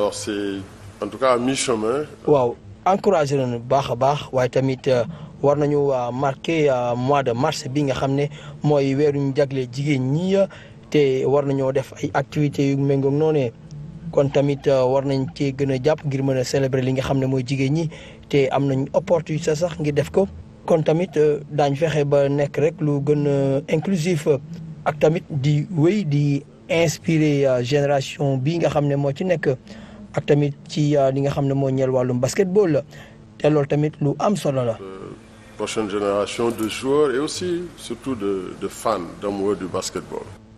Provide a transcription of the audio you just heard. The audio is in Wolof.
alors c'est en tout cas à chemin waaw encouragé baax a baax waaye tamit euh, war nañu euh, marqué euh, mois de mars bi nga xam ne mooy weer ñu jagle jigéen ñi te war nañoo def ay activités yu méngoog noonu kon tamit war nañ cee gën a jàpp ngir mën a célébrer li nga xam ne mooy jigéen ñi te am nañ opportunité sax ngir def ko kon tamit daañ fexe ba nekk rek lu gën a inclusif ak tamit di wéy di inspirer génération bi nga xam ne moo ci nekk. ak tamit ci euh, li nga xam ne moo ñeel wàllum basketball la te loolu tamit lu am solo la. Euh, prochaine génération de joueurs et aussi surtout de de fans d'amoureux du basketball.